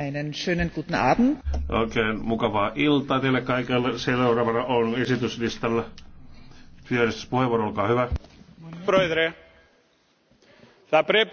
Einen schönen guten Abend. Oikein mukavaa iltaa teille kaikille. Seuraavana on esityslistalla. Pyörässä puheenvuoro, olkaa hyvä. Proedre.